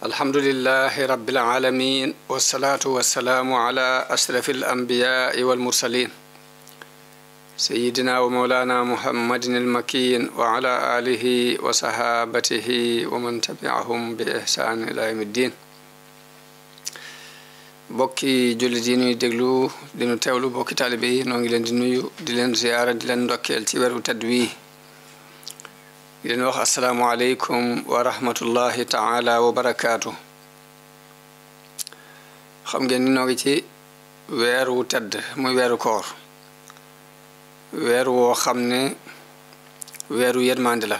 alhamdulilahi rabbil alamin wasalaatu wasalaamu ala ashrafi alambiyaai walmursalin sayidina wa mawlana muhammadin almakin wa ala alihi wa sahaabatihi wa man tabiahum bi ihsaan ila yawmi ddin bokki jullit yi nuy déglu dinu teewlu bokki taalibe yi noo ngi leen di nuyu di leen ziyaara di leen ndokkeel ci weru tedd wi di leen wax asalaamualeykum wa rahmatullahi taala wa barakaatu xam ngeen ni noo ci weer wu tedd muy weeru koor weer woo xam ne weeru yërmande la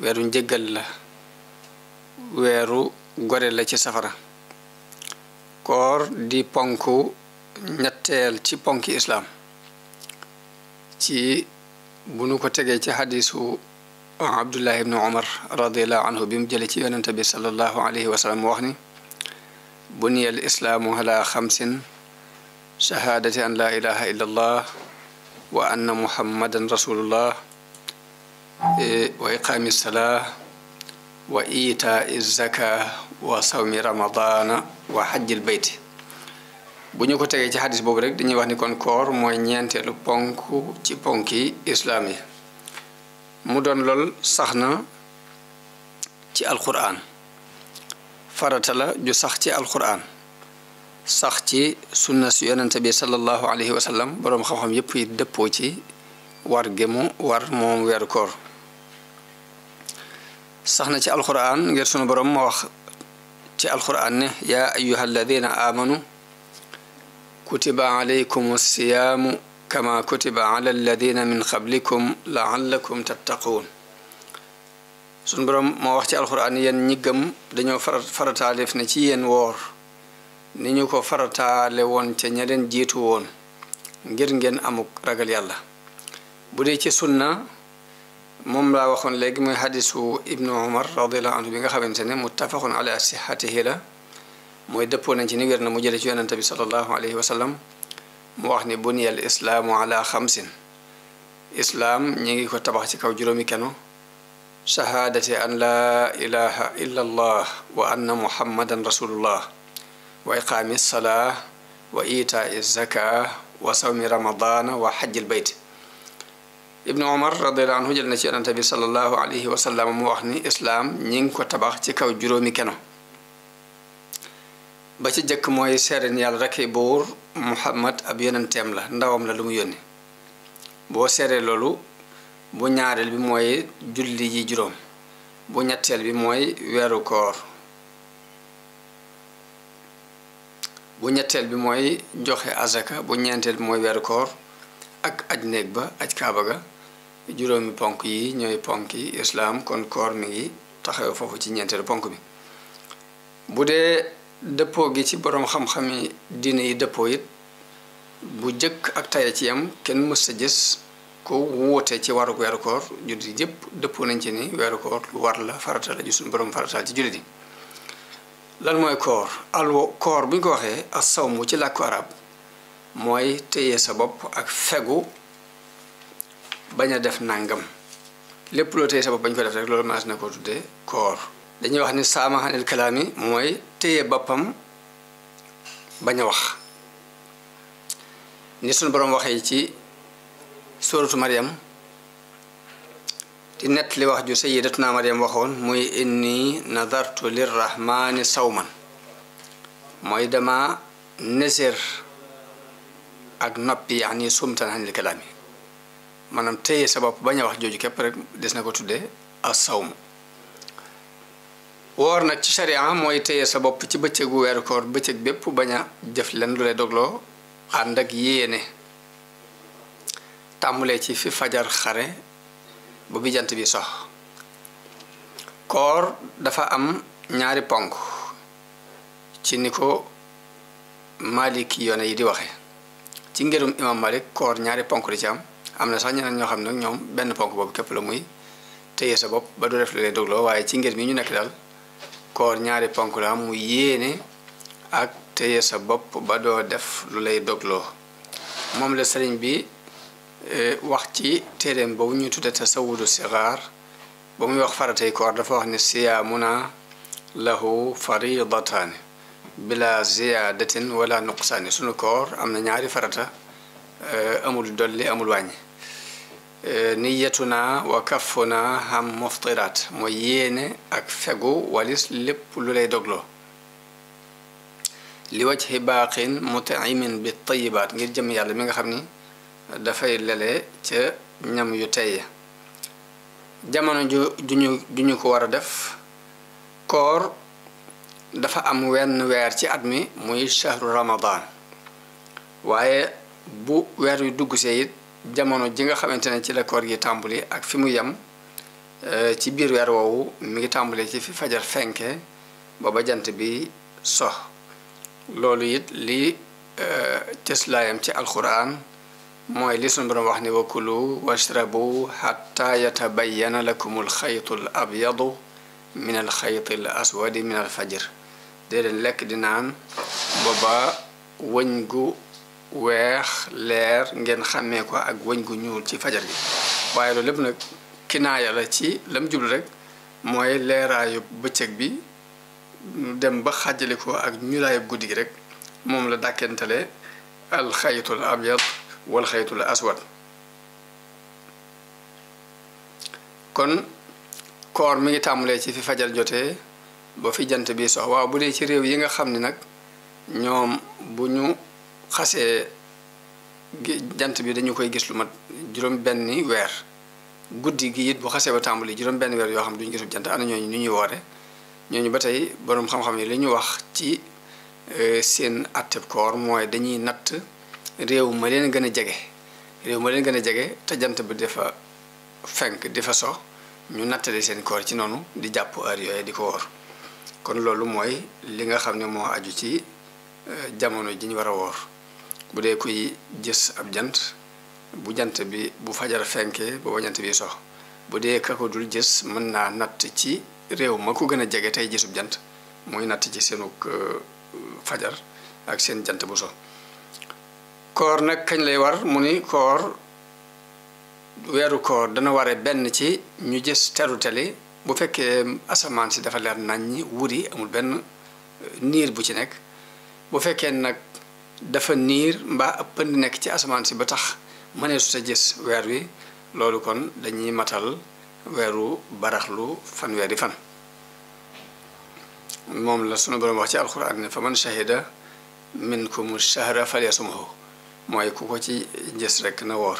weeru njëggal la weeru gore la ci safara koor di ponk ñetteel ci ponk islaam ci bu nu ko tegee ci xadisu عبد الله بن عمر رضي الله عنه بمجلة ينتبه صلى الله عليه وسلم وحني بني الإسلام على خمس شهادة أن لا إله إلا الله وأن محمدا رسول الله وإقام الصلاة وإيتاء الزكاة وصوم رمضان وحج البيت buñu ko tege ci دنيا bobu rek dañuy تلو بونكو kon koor mooy mu doon lool sax na ci alquran farata la ju sax ci alquran sax ci sunna su yonente bi sallallahu alayhi wa sallam boroom xam-xam yépp yi ci war gemu war moom weeru koor sax na ci alquran ngir sunu boroom ma wax ci alquran ne yaa ayuha amanu kutiba alaykum كما كتب على الذين من قبلكم لعلكم تتقون سن بروم ما وقت القران ين نيغم دانيو فرتا ليف ني سي ين وور ني نيو كو فرتا لي وون تي جيتو وون غير نين اموك راغال يالا بودي سي سنه موم لا واخون ليك موي حديثو ابن عمر رضي الله عنه بيغا خامتني متفق على صحته لا موي ديبو نان سي ني النبي صلى الله عليه وسلم mu wax ni buniya al islaamu ala xamsin islaam ñi ngi ko tabax ci kaw juróomi keno shahaadati an laa ilaha illa allah wa anna muhammadan rasulullah wa iqaami salaa wa itaa zaka wa sawmi ramadana wa xajjil bayt ibnu omar radiallahu anhu jël na ci yonente bi salallahu alayhi wa sallam mu wax ni islaam ñi ngi ko tabax ci kaw juróomi keno ba ci jëkk mooy seeren yàlla rekk buur muhammad ab yeneen teem la ndawam la lu mu yónni boo seetee loolu bu ñaareel bi mooy julli yi juróom bu ñetteel bi mooy weeru koor bu ñetteel bi mooy joxe azaka bu ñeenteel bi mooy weeru koor ak aj néeg ba aj kaaba ga juróomi ponk yi ñooy ponk islaam kon koor mi ngi taxaw foofu ci ñeenteelu ponk bi bu dee dëppoo gi ci boroom xam-xami diine yi dëppoo it bu jëkk ak tey ci yam kenn mës a gis ko woote ci waru weeru koor jullit yëpp dëppoo nañ ci ni weeru koor lu war la farata la ju suñu boroom farataal ci jullit yi lan mooy koor alwo koor bu ñu ko waxee as mu ci làkku arab mooy téye sa bopp ak fegu bañ a def nangam lépp loo téye sa bopp bañ ko def rek loolu maas na ko tuddee koor dañuy wax ni saamaxanil kalaami mooy téye boppam bañ a wax ni sunu boroom waxee ci sóoratu Maryam ti nett li wax ju naa Maryam waxoon muy inni nadartu lirrahmani sawman mooy dama nésér ak noppi yaani sumtan anil kalaami maanaam téye sa bopp bañ a wax jooju képp rek des na ko tudde as sawmu woor nag ci sharia mooy téye sa bopp ci bëccëgu weeru koor bëccëg bépp bañ def jëf leen lu lay dogloo ànd ak yéene tàmbulee ci fi fajar xare bu bi jant bi sox koor dafa am ñaari ponk ci ni ko Malik yoone yi di waxe ci ngërum imam Malik koor ñaari ponk di ci am am na sax ñeneen ñoo xam ne ñoom benn ponk boobu képp la muy téye sa bopp ba du def lu lay dogloo waaye ci ngër mi ñu nekk daal koor ñaari ponk la mu yéene ak téye sa bopp ba doo def lu lay dogloo moom la sëriñ bi eh, wax ci téeréem boobu ñu tudde tasawudu sixaar ba muy wax faratay koor dafa wax ne siyaamuna lahu faridataani bila ziyaadatin wala nuqsaani sunu koor am na ñaari farata eh, amul dolli amul wàññi Eh, niyatuna wa kaffuna ham muftiraat moo yéene ak fegu walis lépp lu lay doglo li wajhi baaqin mutaimin bi tayibaat ngir jëm yàlla mi nga xam ni dafay lele ca ñam yu tey jamono ju juñu ko war a def koor dafa am wenn weer ci at mi muy shahru ramadan waaye bu weer wi dugg see jamono ji nga xamantene ci la koor gi tàmbali ak fi mu yem ci biir weer woowu mi ngi tambule ci fi fajar fenke ba ba jant bi sox loolu it li cëslaayam ci alquran mooy li sun borom wax ni wa kulu washrabu xatta yatabayyana lakum alxaytu al min alxayti al min alfajir dee leen lekk di naan booba wëñ gu weex leer ngeen xàmmee ko ak wëñ gu ñuul ci fajar gi waaye loolu lépp nag kinaaya la ci lam jublu rek mooy leeraayu bëccëg bi dem ba xàjjale ko ak ñuulaayu guddi gi rek moom la dàkkentale alxaytul abyad wal xaytul aswad kon koor mi ngi tàmbalee ci fi fajar jotee ba fi jant bi sox waaw bu dee ci réew yi nga xam ni nag ñoom bu ñu xasse jant bi dañu koy gis lu mat juróom benni weer guddi gi it bu xasse ba tàmbali juróom benn weer yoo xam duñu gisul jant ana ñooñu nu ñuy woote ñooñu ba tey borom xam-xam yi li ñu wax ci e, seen atteb koor mooy dañuy natt réew ma leen gën a jege réew ma leen gën a jege te jant bi dafa fenk di so ñu nattale seen koor ci noonu di jàpp heure yooyu di ko wóor kon loolu mooy li nga xam ne moo aju ci e, jamono ji ñu war a bu dee kuy jës ab jant bu jant bi bu fajar fenkee booba jant bi sox bu dee ka ko dul mën naa natt ci réew ma ko gën a jege tey gisub jant muy natt ci seenug euh, fajar ak seen jant bu so koor nag kañ lay war mu ni koor weeru koor dana ware benn ci ñu jës teru teli bu fekkee asamaan si dafa leer nañ wuri amul benn euh, niir bu ci nekk bu fekkee nag dafa niir mbaa ab nekk ci asamaan si ba tax mënee su sa gis weer wi loolu kon dañuy matal weeru baraxlu fanweeri fan moom la sunu boroom wax ci alxuraan ne fa man shahida minkum shahra falyasumhu mooy ku ko ci gis rekk na woor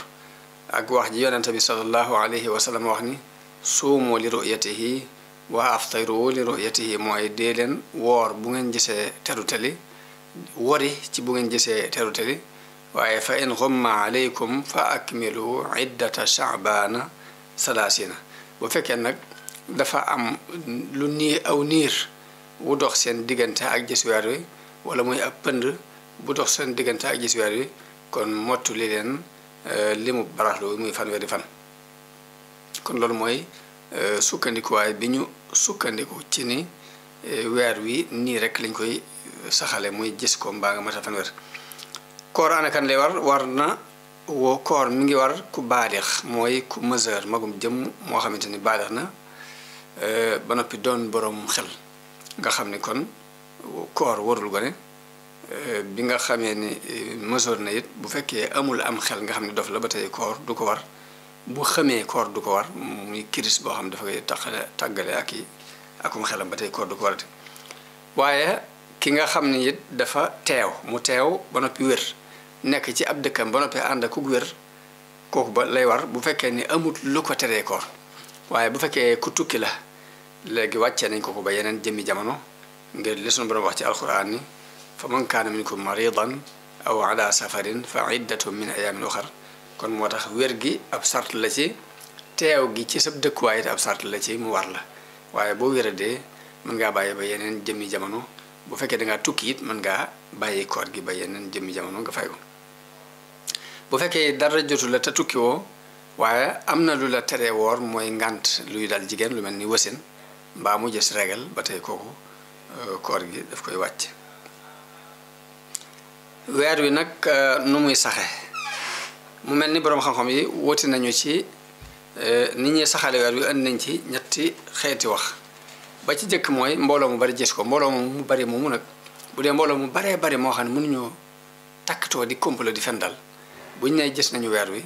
ak wax ji yonente bi sallallahu alayhi wa sallam wax ni suumu li ru'yatihi wa aftiru li ru'yatihi mooy dee leen woor bu ngeen gisee teru teli wori ci bu ngeen gisee teru teri waaye fa in xumma aleykum fa akmilu iddata chaabaana salaasina boo fekkee nag dafa am lu nii aw niir wu dox seen diggante ak gis weer wi wala muy ab pënd bu dox seen diggante ak gis weer wi kon mottu li leen euh, li mu baraxlu muy fanweeri fan kon loolu mooy euh, sukkandikuwaay bi ñu sukkandiku ci ni euh, weer wi nii rek lañ koy saxale muy gis ko mbaa nga mata fanweer koor anakan lay war war na woo koor mi ngi war ku baadix mooy ku mesure magum jëm moo xamante ni baadix na euh, ba noppi doon borom xel nga xam ni kon koor warul gone euh, bi nga xamee ni euh, mesure na it bu fekkee amul am xel nga xam ni dof la ba tey koor du ko war bu xamee koor du ko war muy kiris boo xam dafa koy tàqale tàggale ak i akum xelam ba tey koor du ko warati waaye ki nga xam ni it dafa teew mu teew ba noppi wér nekk ci ab dëkkam ba noppi ànd akuk wér kooku ba lay war bu fekkee ni amut lu ko teree koor waaye bu fekkee ku tukki la léegi wàccee nañ ko ko ba yeneen jëmmi jamono ngir li sunu wax ci alquran ni fa man kaana minkum maridan aw ala safarin fa iddatun kon moo tax wér gi ab sart la ci teew gi ci sab dëkkuwaay it ab sart la ci mu war la waaye boo wéradee mën ngaa bàyyi ba yeneen jëmmi jamono bu fekkee da ngaa tukki it mën ngaa bàyyi koor gi ba yeneen jëmmi jamono nga fay ko bu fekkee dara jotu la te tukki woo waaye am na lu la tere woor mooy ngant luy dal jigéen lu mel ni wasin mbaa mu jës regal ba tey kooku euh, koor gi daf koy wàcc weer wi nag euh, nu muy saxe mu mel ni boroom xam-xam yi wuti nañu ci euh, nit ñuy saxale weer wi indi nañ ci ñetti xeeti wax ba ci jëkk mooy mbooloo mu bari gis ko mbooloo mu bari moomu nag bu dee mbooloo mu baree bari moo xam ne mënuñoo di complot di fendal Buniya buñ ne gis nañu weer wi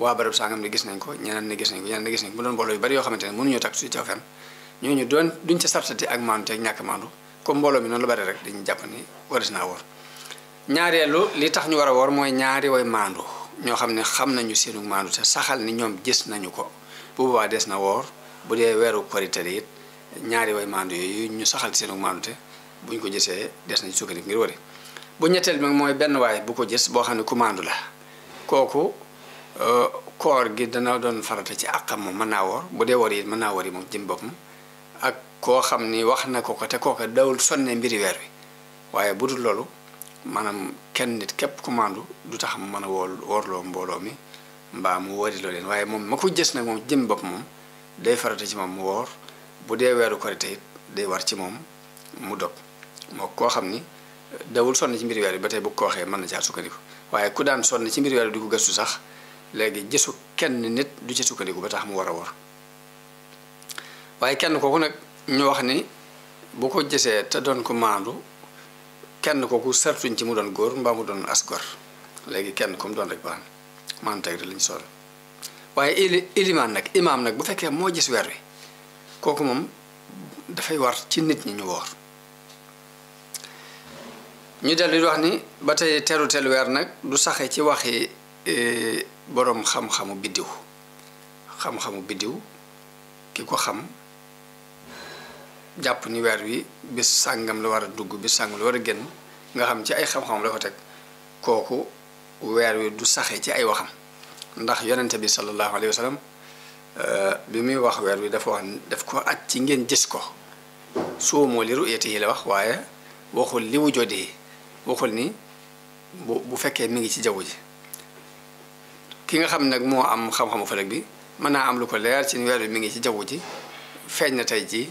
waa barab sangam ne gis nañ ko ñeneen ne gis nañ ko ñeneen ne gis nañ ko bu doon mbooloo yu bari yoo xamante ne mënuñoo takkatoo di fen ñooñu doon duñ ca sartati ak maandu teeg ñàkk maandu comme mbooloo mi noonu la bari rek dañuy jàpp ni waris naa woor ñaareelu li tax ñu war a moy mooy ñaari way maandu ñoo xam ne xam nañu seenu maandu te saxal ni ñoom gis nañu ko bu boobaa des na wor bu dee weeru korite it ñaari way maandu yooyu ñu saxal seenu maandute bu ñu ko jësee des nañ sukkandiku ngir wari bu ñetteel bi mooy benn waay bu ko jës boo xam ne ku la kooku euh, koor gi dana doon farata ci àqam moom mën naa woor bu dee woor mën naa woor moom jëm boppam ak koo xam ni wax na ko ko te kooka dawul sonne mbiri weer wi waaye bu dul loolu maanaam kenn nit képp ku du tax mu mën a woor woorloo mbooloo mi mbaa mu wóoriloo leen waaye moom ma ko jës nag moom jëm bopp moom day farata ci moom mu woor bu dee weeru korite it day war ci moom mu dog moo koo xam ni dawul sonn ci mbir weer bi ba tey bu ko waxee mën na caa sukkandiku waaye ku daan sonn ci mbir weer bi di ko gëstu sax léegi gisu kenn nit du ci sukkandiku ba tax mu war a wor waaye kenn kooku nag ñu wax ni bu ko gisee te doon ko maandu kenn kooku sartuñ ci mu doon góor mbaa mu doon as léegi kenn ku mu doon rek baax na maanaam teg rek lañ sol waaye ili ilimaan nag imaam nag bu fekkee moo gis weer wi kooku moom dafay war ci nit ñi ñu woor ñu dellu di wax ni ba tey teru teru weer nag du saxe ci waxi e, boroom xam-xamu biddiw xam-xamu biddiw ki ko xam jàpp ni weer wi bis sàngam la war a dugg bi sàngam la war a génn nga xam ci ay xam-xam la ko teg kooku weer wi du saxe ci ay waxam ndax yonente bi sallallahu alayhi wa Euh, bi muy wax weer wi dafa wax daf ko at ci ngeen gis ko soo moo li ru'yati yi la wax waaye waxul liwu wu jodee waxul ni bu bu fekkee mi ngi ci jaww ji ki nga xam nag moo am xam-xamu bi mën naa am lu ko leer ci weer mi ngi ci jaww ji feeñ na tey jii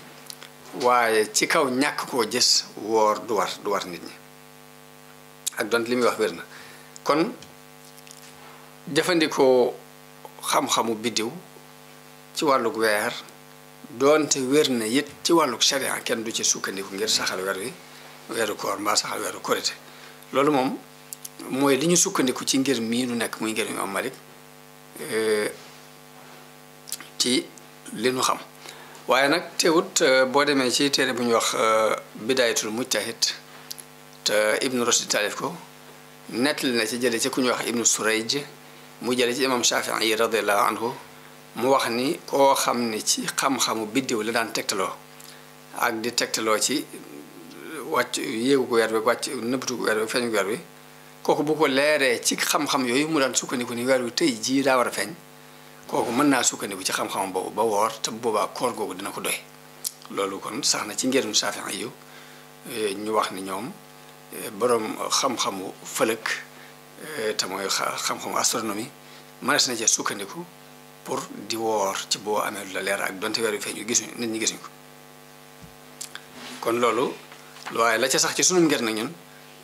waaye ci kaw ñàkk koo jës woor du war du war nit ñi ak dont li muy wax wér na kon jëfandikoo xam-xamu biddiw ci walu wer donte werne yit ci walu sharia ken du ci ko ngir saxal wer wi weru koor ma saxal weru korite lolou mom moy liñu ñu ko ci ngir mi nu nek muy ngir imam Malik euh ci li nu xam waye nak teewut bo deme ci tere buñ wax bidayatul mujtahid ta ibnu Rushd talif ko nettali na ci jële ci kuñ wax ibnu Surayj mu jële ci imam Shafii radiyallahu anhu mu wax ni koo xam ni ci xam-xamu biddiw la daan tegtaloo ak di tegtaloo ci wàcc yéegu ko weer bi wàcc nëbbatu ko weer bi feeñu ko weer bi kooku bu ko leeree ci xam-xam yooyu mu daan sukkandiku ni weer wi tey jii daa war a feeñ kooku mën naa sukkandiku ci xam-xam boobu ba woor te boobaa koor googu dina ko doy loolu kon sax na ci ngeenu saafin yu eh, ñu wax ni ñoom eh, borom xam-xamu fëlëk eh, te mooy xam-xamu astronomie mënees na sukkandiku pour di woor ci boo amee lu la leer ak donte weer wi feeñu gisuñu nit ñi gisuñu ko kon loolu waaye la ca sax ci sunum ngir na ñun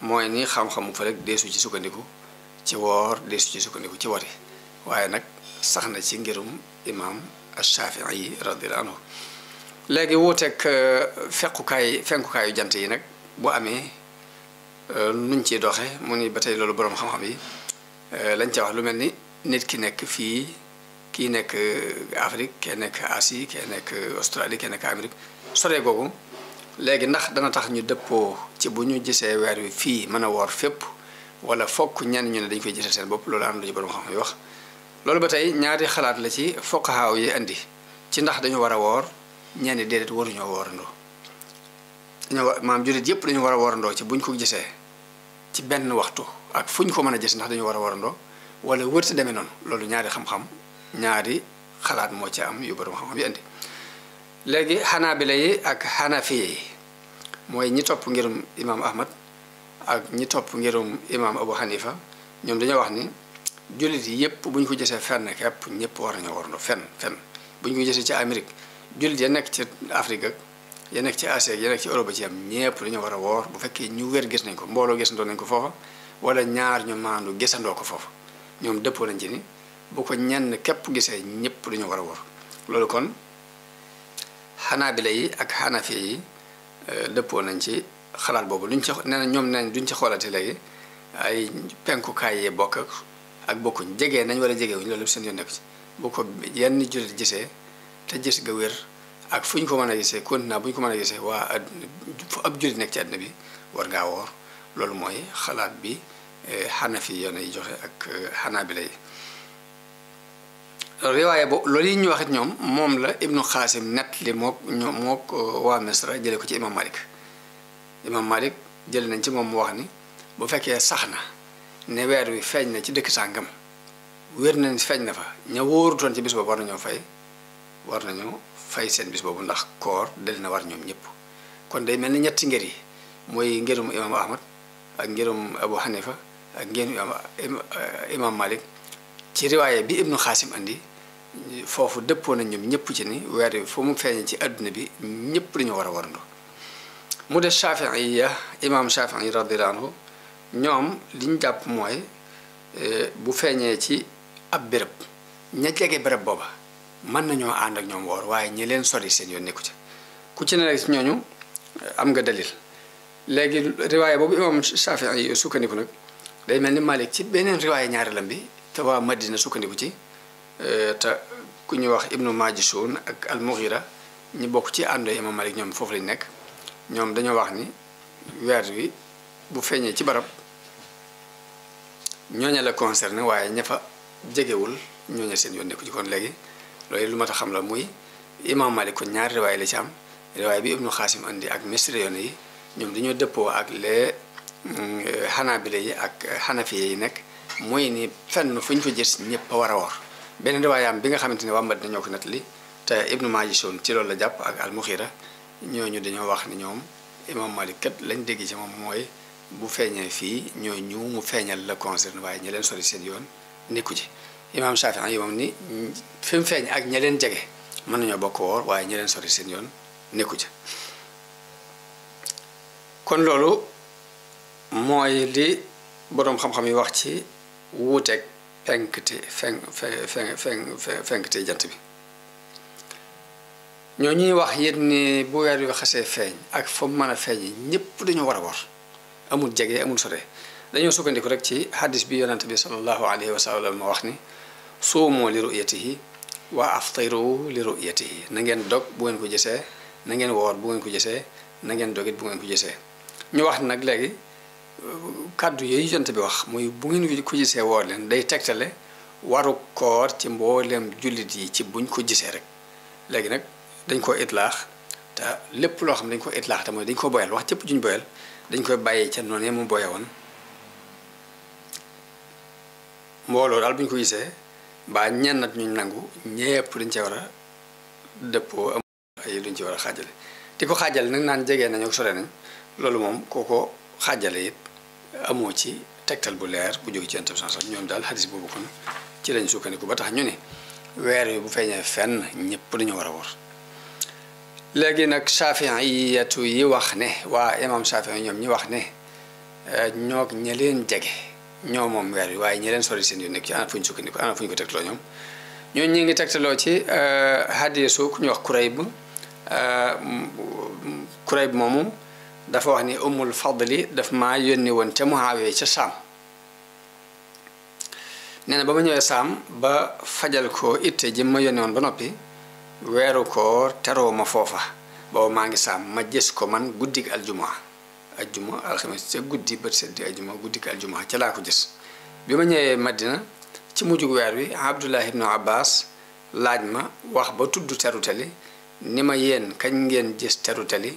mooy nii xam-xamu fa rek deesu ci sukkandiku ci woor deesu ci sukkandiku ci wote waaye nag sax na ci ngirum imaam Shafii radiyallahu anhu léegi wuuteeg euh, fekkukaay fenkukaayu jant yi nag bu amee euh, nuñ ciy doxee mu ni ba tey loolu boroom xam-xam yi euh, lañ ca wax lu mel ni nit ki nekk fii kii nekk Afrique kee nekk Asie kee nekk Australie kee nekk Amérique sore googu léegi ndax dana tax ñu dëppoo ci bu ñu gisee weer wi fii mën a woor fépp walla fokk ñenn ñu ne dañ koy gisee seen bopp loolu am na ñu borom xam yu wax loolu ba tey ñaari xalaat la ci foqahaaw yi indi ci ndax dañu war a woor ñenn yi waruñoo woorandoo dañoo war maam jullit yëpp dañu war a woorandoo ci buñ ko gisee ci benn waxtu ak fu ñu ko mën a gis ndax dañu war a woorandoo wala wërti demee noonu loolu ñaari xam-xam ñaari xalaat moo ci am yu borom xam-xam yi indi léegi xanaabila yi ak xanafiye yi mooy ñi topp ngirum imaam ahmad ak ñi topp ngirum imaam abu hanifa ñoom dañoo wax ni jullit yi yëpp bu ñu ko jësee fenn képp ñëpp war nañoo warandoo fenn fenn bu ñu ko jësee ci Amérique jullit ya nekk ci Afrique ak ya nekk ci Asie ya nekk ci Europe ci am ñëpp dañu war a woor bu fekkee ñu wér gis nañ ko mbooloo gisandoo nañ ko foofa wala ñaar ñu maandu gisandoo ko foofa ñoom dëppoo nañ ci ni boo ko ñenn képp gisee ñëpp duñu war a wor loolu kon xanaabila yi ak xanafi yi euh, dëppoo nañ ci xalaat boobu duñ ci nee na ñoom nañ duñ ci xoolati léegi ay penkukaay yee bokk ak bokkuñ jege nañ war wala jegewuñ loolu seen yoon nekk ci bu ko yenn jullit gisee te gis ga wér ak fu ñu ko mën a gisee continent bu ñu ko mën a gisee waa fu ab jullit nekk ci àddina bi war ngaa woor loolu mooy xalaat bi xanafi euh, yoon yi joxe ak xanaabila euh, yi riwaaya boobu loolu yi ñu waxit ñoom moom la ibnu xaasim nett li mook ñoom mook euh, waa misra jële ko ci imam malik imam malik jële nañ ci moom mu wax ni bu fekkee sax na ne weer wi feeñ na ci dëkk sàngam wér nañ feeñ na fa ña wóorutoon ci bis boobu war nañoo fay war nañoo fay seen boobu ndax koor del na war ñoom ñëpp kon day mel ni ñetti nger yi mooy ngërum imam ahmad ak ngërum abu hanifa ak ngërum imam malik ci riwaaye bi ibnu xaasim andi foofu dëppoo na ñoom ñëpp ci ni weer wi mu feeñee ci àdduna bi ñëpp dañu war a warandoo mu des Shaafi'i ya imaam Shaafi'i radiyallahu anhu ñoom liñ jàpp mooy e, bu feeñee ci ab béréb ña jege booba mën nañoo ànd ak ñoom woor waaye ñi leen sori seen yoon nekku ci ku ci ne rek si ñooñu e, am nga dalil léegi riwaaye boobu imaam Shaafi'i sukkandiku nag day mel ni Malik ci beneen riwaaye lam bi te waa Madina sukkandiku ci euh, te ku ñuy wax Ibnu Majishun ak al ñu bokk ci àndoo Imaam Malik ñoom foofu lañ nekk ñoom dañoo wax ni weer wi bu feeñee ci barab ñooña la concerné waaye ñafa jegewul ñooña seen yoon nekku ci kon léegi loolu lu ma ta xam la muy Imaam Malik ko ñaari riwaay la ci am riwaay bi Ibnu Xaasim andi ak misri yoon yi ñoom dañoo dëppoo ak les xanaabile euh, yi ak xanafiye yi nekk mooy ni fenn fu ñu fa jës ñëpp a war a woor beneen riwaayaam bi nga xamante ni waa Madina nañoo ko nettali te Ibnu Maajisoon ci loolu la jàpp ak ñoo ñu dañoo wax ni ñoom imam Malik kat lañ dégg ci moom mooy bu feeñee fii ñooñu mu feeñal la concerne waaye ñi leen sori seen yoon nekku ci imam Shafii yi moom ni fi mu feeñ ak ña leen jege mën nañoo bokk woor waaye ñi leen sori seen yoon nekku ci kon loolu mooy li boroom xam-xam yi wax ci wuuteeg fenkti fen fen fen fenkti jant bi ñoo ñuy wax yéen ni bu weer bi xasee feeñ ak fa mën a feeñ ñëpp dañoo war a war amul jege amul sore dañoo sukkandiku rek ci hadis bi yonant bi sallallahu alayhi wa sallam ma wax ni suumoo li ru'yatihi wa aftiru li ru'yatihi na ngeen dog bu ngeen ko gisee na ngeen woor bu ngeen ko gisee na ngeen dogit bu ngeen ko gisee ñu wax nag léegi kàddu yooyu yonent bi wax muy bu ngeen ko gisee woo leen day tegtale waru koor ci mboolem jullit yi ci buñ ko gisee rek léegi nag dañ ko itlaax te lépp loo xam dañ ko itlaax te mooy dañ ko boyal wax cëpp juñ boyal dañ koy bàyyee ca noonu mu boye woon mbooloo daal bu ñu ko gisee ba ñenn at ñu nangu ñépp dañ ci war a dëppoo am ay duñ ci war a xaajale di ko xaajale nag naan jege nañu sore nañ loolu moom kooko xaajale yëpp amoo ci tektal bu leer bu jóge ci yenn tamit ñoom daal xadis boobu kon ci lañ sukkandiku ba tax ñu ni weer wi bu feeñee fenn ñëpp dañu war a wor léegi nag saafiiyatu yi yi wax ne waa imam saafiya ñoom ñi wax ne eh, ñoog ña leen jege ñoo moom weer wi waaye ñi leen sori seen yu nekk ki ana fu ñu sukkandiku ana fu ñu ko tegtaloo ñoom ñooñ ñi ngi tegtaloo ci eh, hadisu ku ñu wax Kurayb eh, Kurayb moomu dafa wax ni umul fadli daf ma yónni woon ca Muhaawiya ca saam nee na ba ma ñëwee saam ba fajal ko itte ji ma yónni woon ba noppi weeru ko teroo ma foofa booba maa ngi saam ma gis ko man guddig aljuma aljuma alxames ca guddi bët sedd aljuma guddig aljuma ca laa ko gis bi ma ñëwee maddina ci mujjug weer wi Abdullah ibnu Abbas laaj ma wax ba tuddu tudd terutali ni ma yéen kañ ngeen jës gis terutali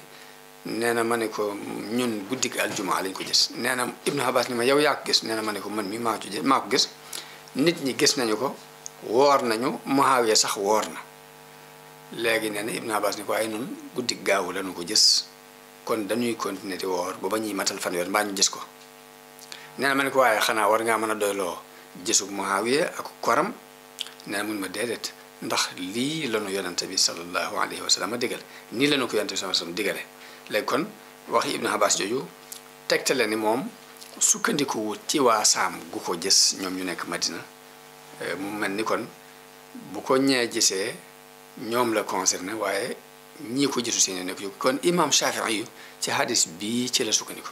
nee na ma ne ko ñun guddik aljuma lañ ko gis nee na Ibnu Abbas ma yow yaa ko nee na ma ne ko man mi maa ko gis maa nit ñi gis nañu ko woor nañu Muawiya sax woor na léegi nee na Ibnu Abbas ni ko waaye nun guddik gaawu lañu ko gis kon dañuy continuer di woor ba ba ñuy matal yoon baa ñu gis ko nee na ma ne ko waaye xanaa war ngaa mën a doyloo gisug Muawiya ak koram nee na ma déedéet ndax lii lanu yonante bi sallallahu alayhi wa sallam digal nii lanu ko yonante bi sallallahu alayhi wa sallam léegi kon waxi Ibnu Abbas jooju tegtale ni moom sukkandikuwu ci waa gu ko gis ñoom ñu nekk Madina eh, mel ni kon bu ko ñee gisee ñoom la concerné waaye ñii ko gisu seen nekk yu kon imam Shafii yu ci hadis bi ci la sukkandiku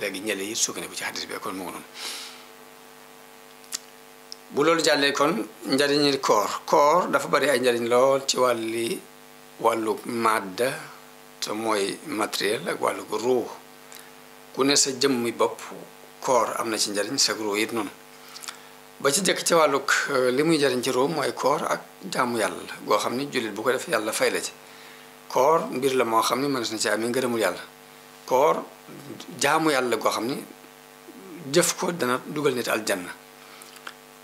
léegi ñële yi sukkandiku ci hadis bi kon mu noonu bu loolu jàllee kon njariñi koor koor dafa bari ay njariñ lool ci wàlli wàllu màdda te mooy matériel ak wàllu ko ku ne sa jëmmi bopp koor am na ci njariñ sa ruux it noonu ba ci jëkk ci wàllug li muy jariñ ci ruux mooy koor ak jaamu yàlla la goo xam ne jullit bu ko def yàlla fay la ci koor mbir la moo xam ni mënees na ci amee yàlla koor jaamu yàlla goo xam ni jëf ko dana dugal nit aljanna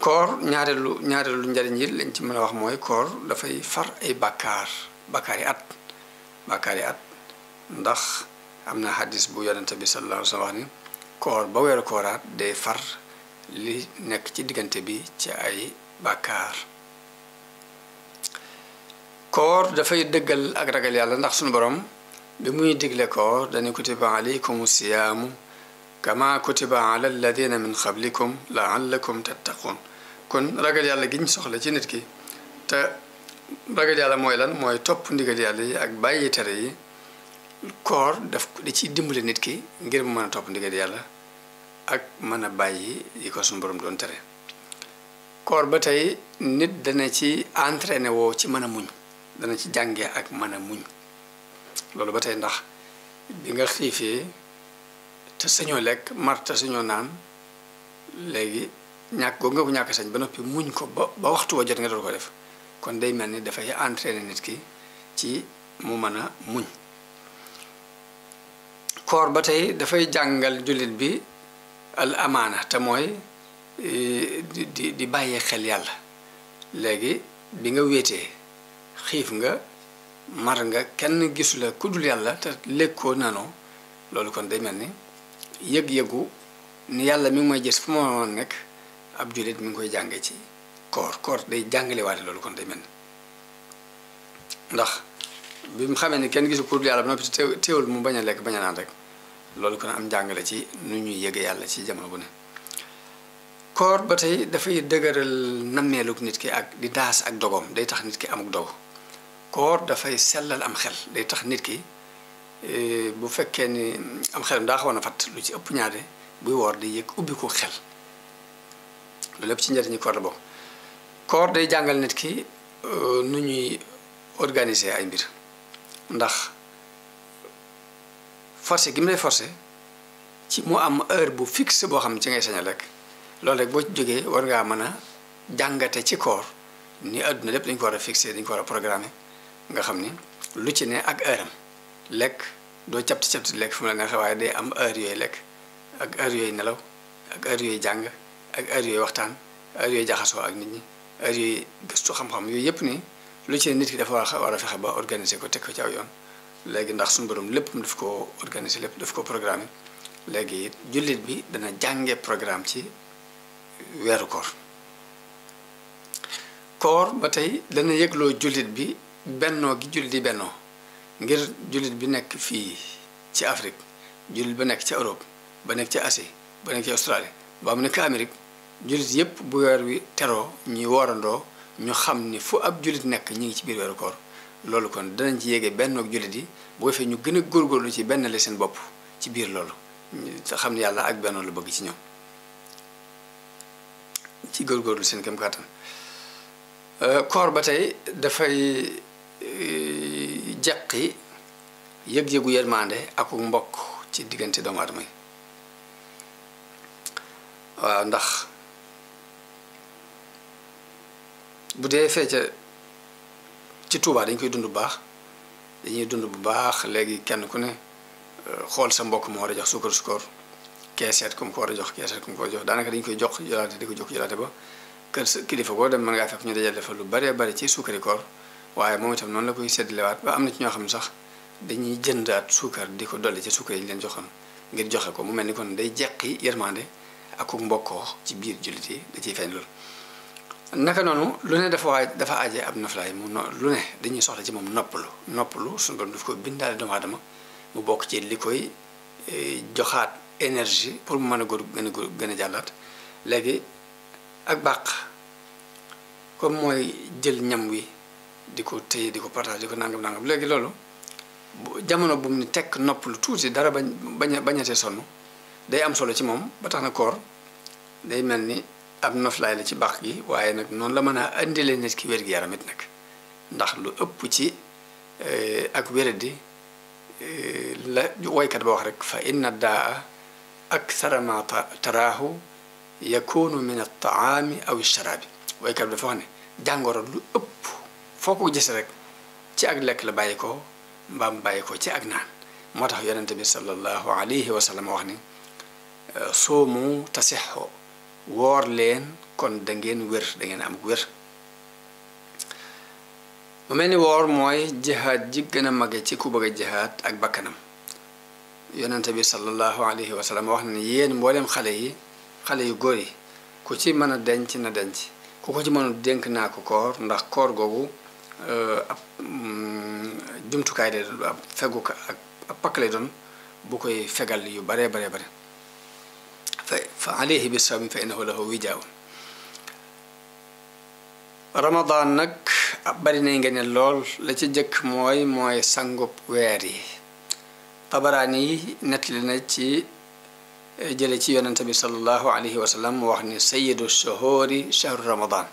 koor ñaareelu ñaareelu njariñ yi lañ ci mën a wax mooy koor dafay far ay bàkkaar bàkkaar yi at bàkkaar yi at ndax am na xadis bu yonente bi sallallahu alayhi wa wax ni koor ba weeru kooraat day far li nekk ci diggante bi ci ay bàkkaar koor dafay dëggal ak ragal yàlla ndax sunu borom bi muy digle koor dani kutiba alaykum siyaamu kama kutiba ala alladina min qablikum laallakum tattaqun kon ragal yàlla giñ soxla ci nit ki te ragal yàlla mooy lan mooy topp ndigal yàlla yi ak bàyyi tere yi koor daf da ci dimbale nit ki ngir mu mën a topp ndigal yàlla ak mën a bàyyi yi ko suñu borom doon tere koor ba tey nit dana ci entraîné woo ci mën a muñ dana ci jànge ak mën a muñ loolu ba tey ndax bi nga xiifee te sañoo lekk mar te sañoo naan léegi ñàkk googu nga ko ñàkk sañ ba noppi muñ ko ba ba waxtu wa jot nga doon ko def kon day mel ni dafay entraîné nit ki ci mu mën a muñ koor ba tey dafay jàngal jullit bi al amaana te mooy e, di di bàyyee xel yàlla léegi bi nga wéetee xiif nga mar nga kenn gisu ku dul yàlla te lékkoo nanoo loolu kon day mel ni yëg-yëgu ni yàlla mi ngi mooy gis fu ma woon nekk ab jullit mi ngi koy jànge ci koor koor day jàngalewaate loolu kon day mel ni ndax bi mu xamee ni kenn gisu ku dul yàlla ba noppi teewul mu bañ a lekk bañ a naan rek loolu kon am jàngale ci nu ñuy yëge yàlla ci jamono bu ne koor ba tey dafay dëgëral nammeelug nit ki ak di daas ak dogoom day tax nit ki amuk dogu koor dafay sellal am xel day tax nit ki e, bu fekkee ni am xelam daa xawoon lu ci ëpp ñaare buy woor di yëg ubbi ko lépp ci njëriñu koor koor day jàngal nit ki e, nu ñuy organiser ay mbir ndax forcé gi mu lay forcé ci mu am heure bu fixe boo xam ci ngay sañ a lekk loolu rek boo ci jógee war ngaa mën a jàngate ci koor ni àdduna lépp dañ ko war a fixe dañu ko war a programmé nga xam ni lu ci ne ak heure lekk doo capti capti lekk fu mu la neexee waaye day am heure lekk ak heure yooyu nelaw ak heure yooyu jàng ak heure yooyu waxtaan heure yooyu jaxasoo ak nit ñi heure yooyu gëstu xam yooyu yëpp ni lu ci nit ki dafa war fexe ba organiser ko teg ci aw yoon léegi ndax suñu borom lépp daf ko organiser lépp daf ko programme léegi jullit bi dana jànge programme ci weeru koor koor ba tey dana yëgloo jullit bi bennoo gi jullit di bennoo ngir jullit bi nekk fii ci Afrique jullit ba nekk ci Europe ba nekk ci Asie ba nekk ci Australie ba mu nekk Amérique jullit yépp bu weer bi teroo ñuy warandoo ñu xam ni fu ab jullit nekk ñi ngi ci biir weeru koor loolu kon danañ ci yéege benn ak jullit yi boo fee ñu gën a góorgóorlu ci benn la seen bopp ci biir loolu xam ne yàlla ak benn lu bëgg ci ñoom ci góorgóorlu seen kem kàttan euh, koor ba tey dafay euh, jeqi yëg-yëgu yërmande ak mbokk ci diggante doomu aadama yi waaw ndax bu dee fecca ci Touba dañ koy dund bu baax dañuy dund bu baax léegi kenn ku ne euh, xool sa mbokk moo war a jox suukar sukoor keeseet comme ko war a jox keeseet comme ko war a jox daanaka dañ koy jox jolaate di ko jox jolaate ba kër sa kilifa dem mën ngaa ñu dajal defal lu bëree bëri ci suukari koor waaye moom itam noonu la koy séddalewaat ba am na ci ñoo xam ne sax dañuy jëndaat suukar di ko dolli ci suukar yi ñu leen joxoon ngir joxe ko mu mel ni kon day jeqi yërmande ak mbokkoo ci biir jullit yi da ciy feeñ loolu naka noonu lu ne dafa waay dafa aajee ab noflaay mu no lu ne dañuy soxla ci moom noppalu noppalu suñu borom daf ko bindaale doomu aadama mu bokk ci li koy e, joxaat énergie pour mu mën a góor gën a gën a jàllaat léegi ak bàq comme mooy jël ñam wi di ko téye di ko partage di ko nangam nangam léegi loolu jamono bu mu ni tekk noppalu tuuti dara bañ bañ bañatee sonn day am solo ci moom ba tax na koor day mel ni ab noflaay la ci bax gi waaye nag noonu la mën a indile nit ki wér gi yaram it nag ndax lu ëpp ci eh, ak wéradi eh, la woykat ba wax rek fa inna daa aksara ma taraahu yakunu min altaami aw sharaabi woykat bi dafa wax ne jàngoro lu ëpp foo ko rek ci ak lekk la bàyyi ko mbaam bàyyi ko ci ak naan moo tax yonente bi sallallahu alayhi wa wax ni eh, soomu tasixo woor leen kon da ngeen wér da ngeen am wér mu mel ni woor mooy jihaad ji gën a mage ci ku bëgg a ak bakkanam yonente bi sallallahu alayhi wa sallam wax na ne yéen mboolem xale yi xale yu góor yi ku ci mën a denc na denc ku ko ci mënul dénk naa ko koor ndax koor googu euh, ab mm, jumtukaay lay doon ab fegu ak ab pakk doon bu koy fegal yu baree baree bare فعليه بصوم فإنه له وجاء رمضان نك أبرنا إنجن اللول لتجك موي موي سنغب ويري طبراني نتلنا تي جلتي ينتبه صلى الله عليه وسلم وحني سيد الشهور شهر رمضان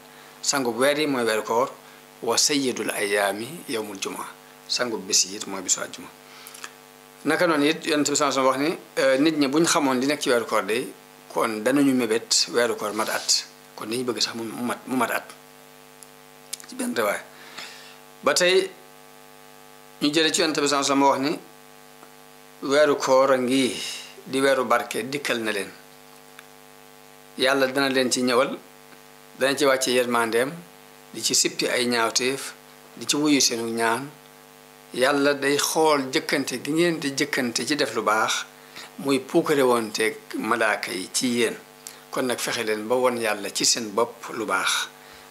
سنغب ويري موي ويركور وسيد الأيام يوم الجمعة سنغب بسيد موي بسوى الجمعة نكنو نيت ينتبه صلى الله عليه وسلم وحني آه، نتني بون خمون لنكتب ويركور دي kon danañu mebet weeru koor mat at kon li bëgg sax mu mat mu mat at ba tey ñu jële ci yonent bi sallallahu alayhi wax ni weeru koor a ngi di weeru barke dikkal na leen yàlla dana leen ci ñëwal dana ci wàcce yërmandeem di ci sippi ay ñaawteef di ci wuyu seenu ñaan yàlla day xool jëkkante gi ngeen di jëkkante ci def lu baax muy puukare woon teeg malaaka yi ci yéen kon nag fexe leen ba won yàlla ci seen bopp lu baax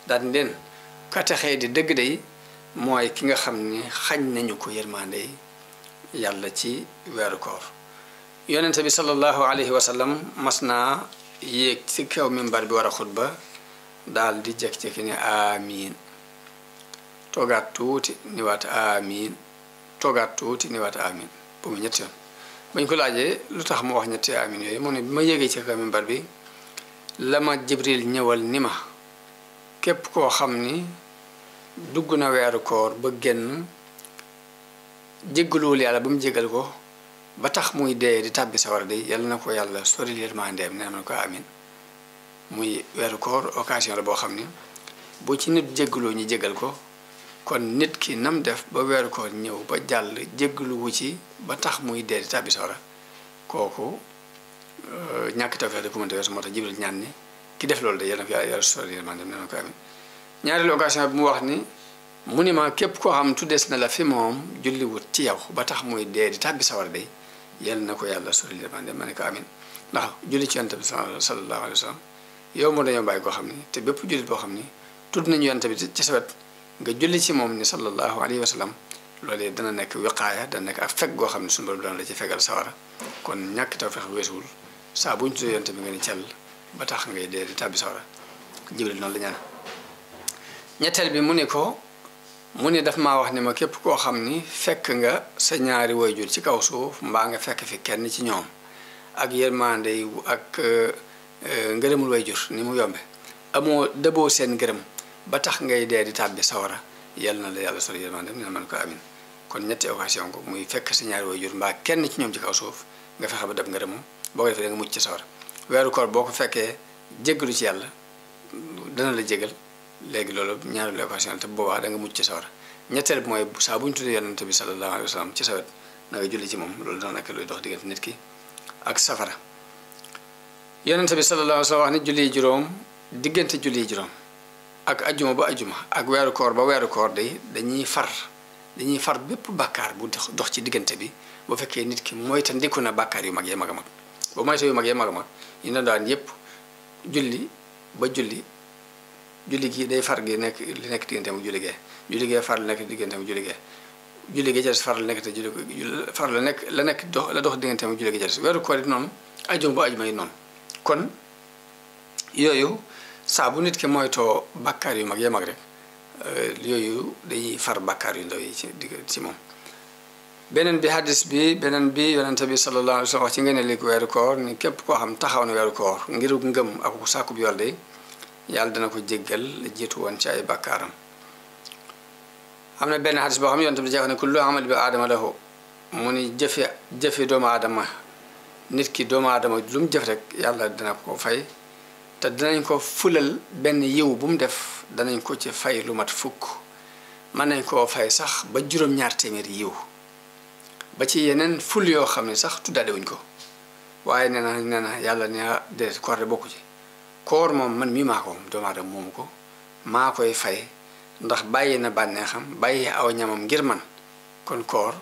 daan leen kataxee di dëgg day mooy ki nga xam ni xañ nañu ko yërmande yàlla ci weeru koor yonente bi sallallahu alayhi wa sallam mas naa yéeg ci kaw mimbar bi war a xutba daal di jekk-jekki ne amiin toogaat tuuti ni waat amiin toogaat tuuti ni waat amiin bu mu ñett yoon bañ ko laajee lu tax mu wax ñetti amin yooyu mu ne bi ma yégee ci kaw mimbar bi la ma jibril ñëwal ni ma képp koo xam ni dugg na weeru koor ba génn jéggaluwul yàlla bu mu jégal ko ba tax muy dee di tàbbi sawar de yàlla na ko yàlla sori yërmandeem nee na ko amin muy weeru koor occasion la boo xam ni bu ci nit jéggaloo ñu jégal ko kon nit ki nam def ba weeru ko ñëw ba jàll jéggluwu ci ba tax muy dee di tàbbi sawara kooku euh, ñàkk tawfeex de moo tax Jibril ñaan ni ki def loolu de yàlla yàlla yàlla sori yërmande nee na ko amin bi mu wax ni mu ni ma képp koo xam tuddees na la fi moom julliwut ci yow ba tax muy dee di tàbbi sawar day yal na ko yàlla sori yërmande ma ne ko amin ndax julli ci sa bi sallallahu alayhi wa sallam yow moo dañoo bàyyi koo xam ni te bépp jullit boo xam ni tudd nañu yon bi ci sa wet nga julli ci moom ni sallallahu alayhi wa sallam loolee dana nekk wiqaaya dana nekk ak fekk goo xam ne suñu borom dana la ci fegal sawara kon ñàkk tawfeex weesuwul saa bu ñu tuddee yonent bi nga ni cell ba tax ngay dee di tàbbi sawara jibril noonu la ñaan ñetteel bi mu ni ko mu ni daf maa wax ni ma képp koo xam ni fekk nga sa ñaari waajur ci kaw suuf mbaa nga fekk fi kenn ci ñoom ak yërmande ak euh, euh, ngërëmul waajur ni mu yombe amoo dëboo seen ngërëm ba tax ngay dee di tàbbi sawara yal na la yàlla sori yërmande ne man ko amin kon ñetti occasion ko muy fekk sa ñaari waajur mbaa kenn ci ñoom ci kaw suuf nga fexe ba dab nga demoo boo ko defee da nga mucc ci sawara weeru koor boo ko fekkee jéggalu ci yàlla dana la jégal léegi loolu ñaareelu occasion te boobaa da nga mucc ci sawara ñetteel bi mooy saa bu ñu tuddee yonent bi sallallahu alayhi wa sallam ci sawet na nga ci moom loolu dana nekk luy dox diggante nit ki ak safara yonent bi sallallahu alayhi wa sallam wax ni julli juróom diggante julli juróom ak ajuma ba ajuma ak weeru coor ba weeru koor day dañuy far dañuy far bépp bàkkaar bu dox ci diggante bi bu fekkee nit ki moytandiku na bàkkaar yu mag yee mag a mag ba moyta yu mag yee mag a mag ñu daan yépp julli ba julli julli gi day far gi nekk li nekk diggante mu julli gee julli far li nekk diggante mu julli gee julli gi far la nekk te julli far la nekk la nekk dox la dox diggante mu julli gi jares weeru koor it noonu ajuma ba ajuma yi noonu kon yooyu saabu nit ki moytoo bakkaar yu mag ya mag rek eh, yooyu dañuy far bakkaar yu ndaw yi ci moom beneen bi hadis bi beneen bi yonente bi sallallahu alayhi wa wax ci ngeen lig weeru koor ni képp koo xam taxaw na weeru koor ngir ngëm ak ku sàkkub yor de yàlla dana ko jéggal jiitu woon ci ay bakkaaram am na benn hadis boo xam yonente bi jeex ne kullu amal bi aadama lahu mu ni jëfe jëfe doomu aadama nit ki doomu aadama lu mu jëf rek yàlla dana ko fay te danañ ko fulal benn yiw bu mu def danañ ko ci fay lu mat fukk mën nañ koo fay sax ba juróom-ñaar téeméeri yiw ba ci yeneen ful yoo xam ne sax tuddaadewuñ ko waaye nee na nee na yàlla nee na déedéet koor de bokku ci koor moom man mii maa ko moomu ko maa koy fay ndax bàyyee na bànneexam bàyyee aw ñamam ngir man kon koor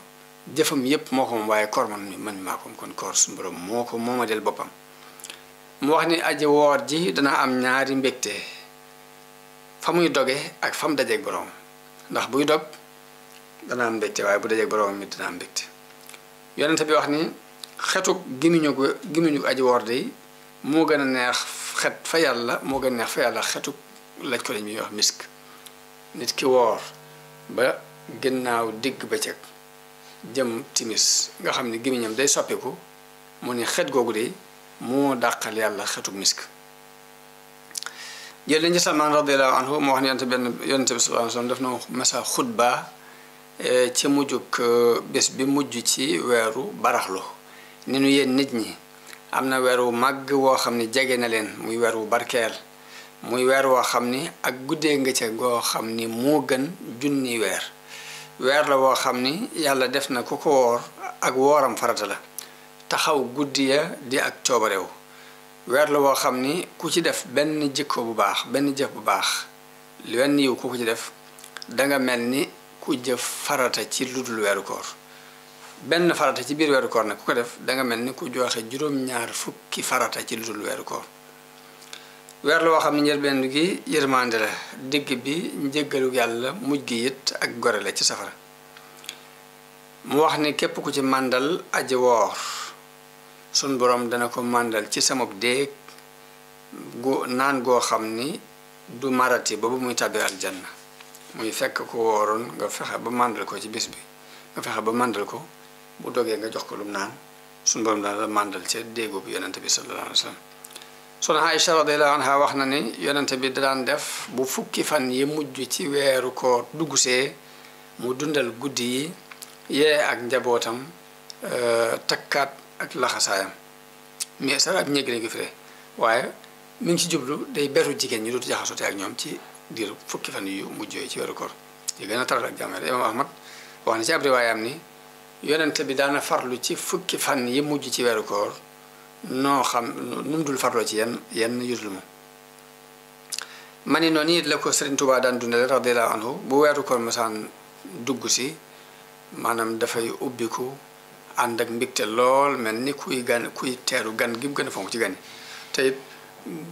jëfam yépp moo ko moom waaye koor mi maa ko kon koor su borom moo ko mooma del boppam mu wax ni aji woor ji dana am ñaari mbégte fa muy doge ak fa mu dajeeg boroom ndax buy dog dana am mbégte waaye bu dajeeg boroom mi dana am mbégte yonente bi wax ni xetuk gimiñu ko gimiñu aji woor de moo gën a neex xet fa yàlla moo gën a neex fa yàlla xetuk laj ko lañ ñuy wax misk nit ki woor ba ginnaaw digg bëccëg jëm timis nga xam ne gimiñam day soppiku mu ni xet googu de moo dàqal yàlla xetuk misk jël liñ ci Salmaan radiallahu anhu moo wax ne yonte benn yonente bi sallallahu alayhi wasallam daf na masa xutba eh, ci mujjug eh, bés bi mujj ci weeru baraxlu ni nu yéen nit ñi am na weer wu màgg woo xam ne jege na leen muy weer wu barkeel muy weer woo xam ni ak guddee nga ca goo xam ni moo gën junni weer weer la woo xam ni yàlla def na ku ko woor ak wooram farata la taxaw guddi ya di ak coobarew weer la woo xam ni ku ci def benn jikko bu baax benn jëf bu baax wenn yiw ku ko ci def danga mel ni ku jëf farata ci lu dul weeru koor benn farata ci biir weeru koor ku ko def danga mel ni ku joxe juróom farata ci lu dul weer la woo xam ne njëlbeen gi yërmande la digg bi njëggalu yàlla mujj gi it ak gore la ci safara mu wax ni képp ku ci màndal aji woor sun borom dana ko màndal ci sama déeg gu naan goo xam ni du marati ba bu muy tàbbi aljanna muy fekk ko wooroon nga fexe ba màndal ko ci bis bi nga fexe ba màndal ko bu dogee nga jox ko lum naan sun borom dana màndal ci déegu bi bi sallallahu wax na ni yonente bi daan def bu fukki fan yi mujj ci weeru koor duggsee mu dundal guddi yi yee ak njabootam euh, takkaat ak laxasaayam mais sax ab ñegg lañ ko waaye mi ngi ci jublu day beru jigéen ñi dootu jaxasoote ak ñoom ci diir fukki fan yu mujj yooyu ci weeru koor ci gën a taral ak jàmm imaam Ahmad wax ni bi daana farlu ci fukki fan yi mujj ci weeru noo xam dul farloo ci yenn yenn yudul moom ma ni it la ko Sëriñ Tuubaa daan dundale radiyallaahu anhu bu weeru koor mosaan dugg si maanaam dafay ubbiku ànd ak mbégte lool mel ni kuy gan kuy teeru gan gi mu gën a fonk ci gan yi te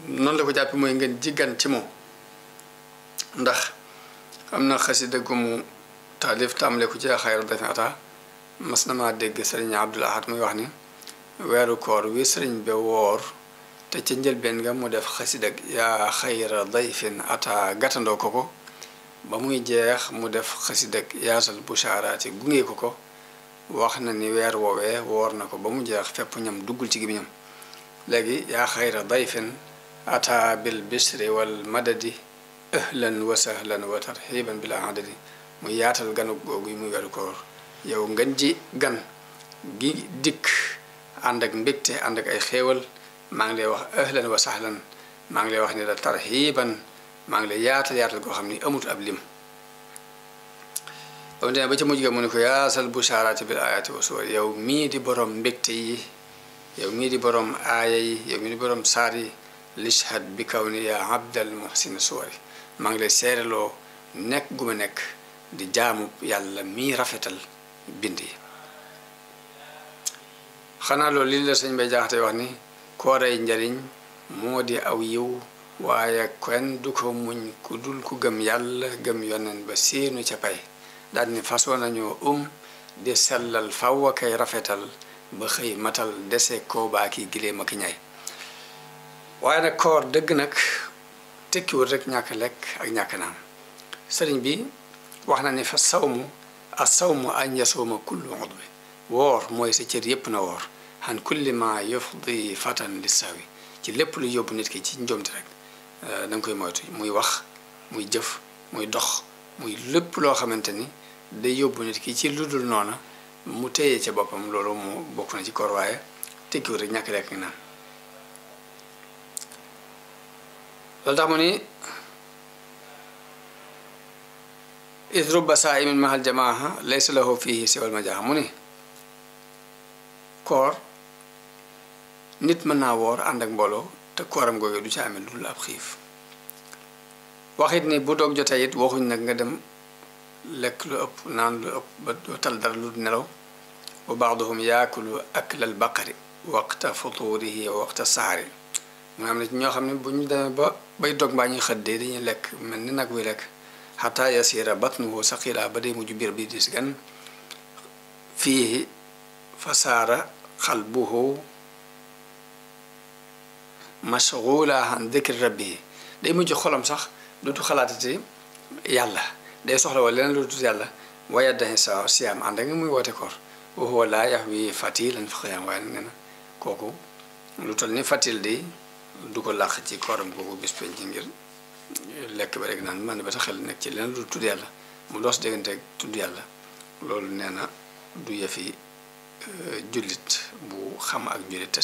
noonu la ko jàppe mooy ngeen ji gan ci moo ndax am na xasida gu mu taalif tàmbale ko ci xayru na maa dégg sëriñ Abdul Ahad muy wax weeru koor wi sëriñ bi woor te ca njëlbeen nga mu def xasida yaa xayra dayfin ata gàttandoo ko ko ba muy jeex mu def xasida yaatal bushaaraati gunge ko ko واخنا ني وير ووي وور نكو بامو جيخ فيب نيام دوجول سي غيبنيام لغي يا خير ضيف اتى بالبشر والمدد اهلا وسهلا وترحيبا بالعدد مو ياتال غانو غوغي مو غادو كور ياو غنجي غان غي ديك عندك مبكتي عندك اي خيول ماغ لي اهلا وسهلا ماغ لي واخني ترحيبا ماغ لي ياتال ياتال غو خامني اموت ابليم ba mu demee ba ci mujj ga mu ko yaasal bushaaraati bil ayaati wa suwar yow mii di borom mbégte yi yow di borom aaya yi yow borom saar yi bi kaw ni yaa abdal muhsin suwari maa ngi lay seereloo nekk gu nekk di jaamu yàlla mii rafetal bind yi xanaa loolu lii la sëñ bay jaaxate ni koo njariñ moo aw yiw waaye kenn du ko muñ ku dul ku gëm yàlla gëm ba séenu ca daal ni façon nañoo um di sellal faw a rafetal ba xëy matal dese koobaaki giléem ak ñay waaye nag koor dëgg nag tekkiwul rek ñàkk lekk ak ñàkk naan sëriñ bi wax na ni fa sawmu a sawmu an yasuma kullu udbi woor na woor xan kulli ma yufdi fatan li ci lépp lu yóbbu nit ki ci njomti rek da eh, nga koy muy wax muy jëf muy dox muy lépp loo xamante ni day yóbbu nit ki ci lu dul noona mu téye ca boppam loolu mu bokk na ci koor waaye tekkiwut rek ñàkk lekk naan loolu tax mu ni idrubba saa'imin mahal jamaaha laysa lahu fihi siwal majaaha mu ni koor nit mën naa woor ànd ak mbooloo te kooram googu du ca amee lu dul ab xiif waxit ni bu doog jotee waxuñ nag nga dem لكل أب نان لأب بدو تلدر لبنلو وبعضهم يأكل أكل البقر وقت فطوره ووقت سهره من عمل نيو خامن بو ني دامي با باي دوك باني خدي دي لك من نك وي لك حتى يسير بطنه ثقيلا بدي مجبر بي ديسغن فيه فصار قلبه مشغولا عن ذكر ربه دي مجي خلم صح دوتو خلاتتي يالله day soxla wala leneen lu dul yàlla waaye dañuy sa siyaam ànd ak muy woote koor waxu wala yax wi fàtti lan fa xëyam waaye kooku lu toll ni fàttil di du ko làq ci kooram kooku bis peñ ci lekk ba rek naan man ba sa xel nekk ci leneen lu tudd yàlla mu doos déggante ak tudd yàlla loolu nee na du yëfi euh, jullit bu xam ak jullit te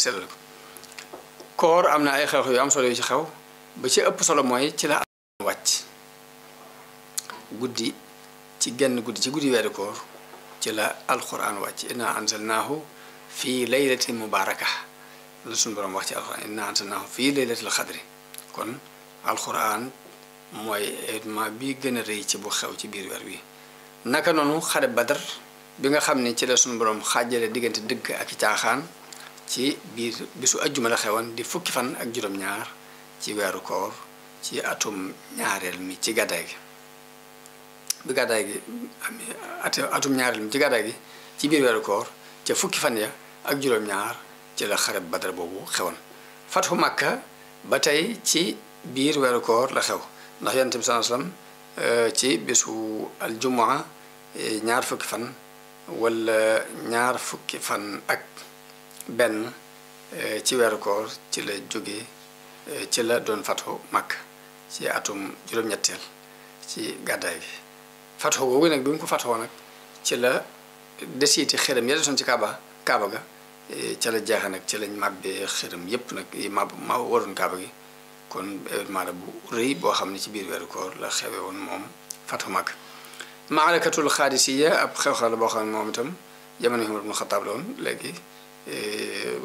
na ay xew-xew am solo yu ci xew ba ci ëpp solo mooy ci la guddi ci genn guddi ci guddi weeru koor ci la alquran wàcc inna anzalnaahu fii laylatin mubaraka la suñu borom wax ci alquran inna anzalnaahu fii laylatil xadri kon alquran mooy événement bi gën a rëy ci bu xew ci biir weer wi naka noonu xare badar bi nga xam ne ci la suñu borom xaajale diggante dëgg ak i caaxaan ci biir bisu ajjuma la di fukki fan ak juróom-ñaar ci weeru koor ci atum ñaareel mi ci gàddaay gi bi gàddaay gi atum ñaareelam ci gàddaay gi ci biir weeru koor ca fukki fan ya ak juróom-ñaar ci la xare badar boobu xewoon fatxu màkka ba tey ci biir weeru koor la xew ndax yonent bi sallam ci bisu aljumaa ñaar fukki fan wala ñaar fukki fan ak benn ci weeru koor ci la jóge ci la doon fatxu màkk ci atum juróom-ñetteel ci gàddaay gi fatoo googu nag bi mu ko fatoo nag ci la desiti xërëm ya desoon ci kaaba kaaba ga eh, ca la jeexe nag ci lañ màbbee xërëm yépp nag yi màbb ma waroon kaaba gi kon événement la bu rëy boo xam ne ci biir weeru koor la xewe woon moom fatu mag maarakatul xaadisiya ab xew-xew boo xam ne moom itam jamono Umar ibn Xattaab la woon léegi eh,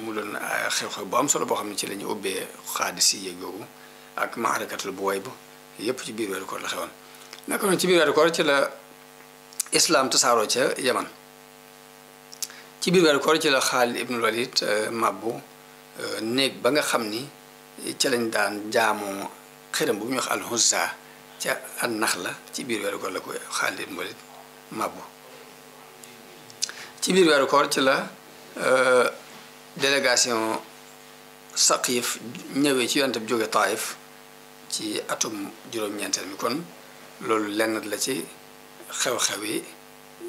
mu doon eh, bu am solo boo xam ne ci la ñu ubbee xaadisiya googu ak maarakatul Buwayb yépp ci biir weeru koor la xewoon naka noonu ci biir weeru koor ci la islaam tasaaroo ca yaman ci biir weeru ci la Xaalid ibnul Walid eh, màbbu eh, néeg ba nga xam ni eh, ca lañ daan jaamoo xiram bu ñu wax al ca an nax la ci biir weeru la ko Xaalid ibnul Walid màbbu ci biir weeru koor ci la délégation Saqiif ñëwee ci yonent bi jóge Taayif ci atum juróom-ñeenteel mi kon loolu lenn la ci xew-xew yi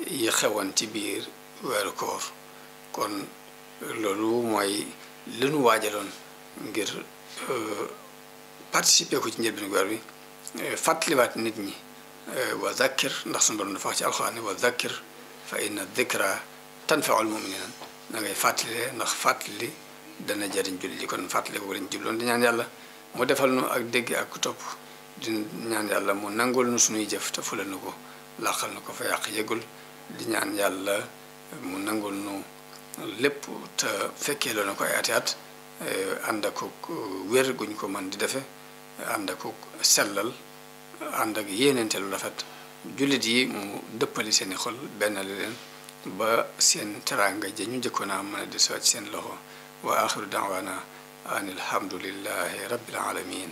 yi xewoon ci biir weeru koor kon loolu mooy li nu waajaloon ngir euh, participer ko ci njëlbéenu weer bi euh, fàttaliwaat nit ñi euh, wa zakkir ndax suñu na fa wax ci alxuraan wa zakkir fa inna dikra tanfaul muminina da ngay fàttalee ndax fàttali dana jariñ julli kon fàttali ko lañ jubloon di ñaan yàlla mu defal nu ak dégg ak topp di ñaan yàlla mu nangul nu suñuy jëf te fulal ko làqal na ko fa yàq yëgul di ñaan yàlla mu nangul nu lépp te fekkee loo na ko ay ati at e, ànd ak wér guñ ko man di defe ànd ak sellal ànd ak yéenente lu rafet jullit yi mu dëppali seeni xol benn li ba seen teraanga ja ñu jëkkoon a mën a di soo ci seen loxo wa axiru daawaana an alhamdulillahi rabbil alamin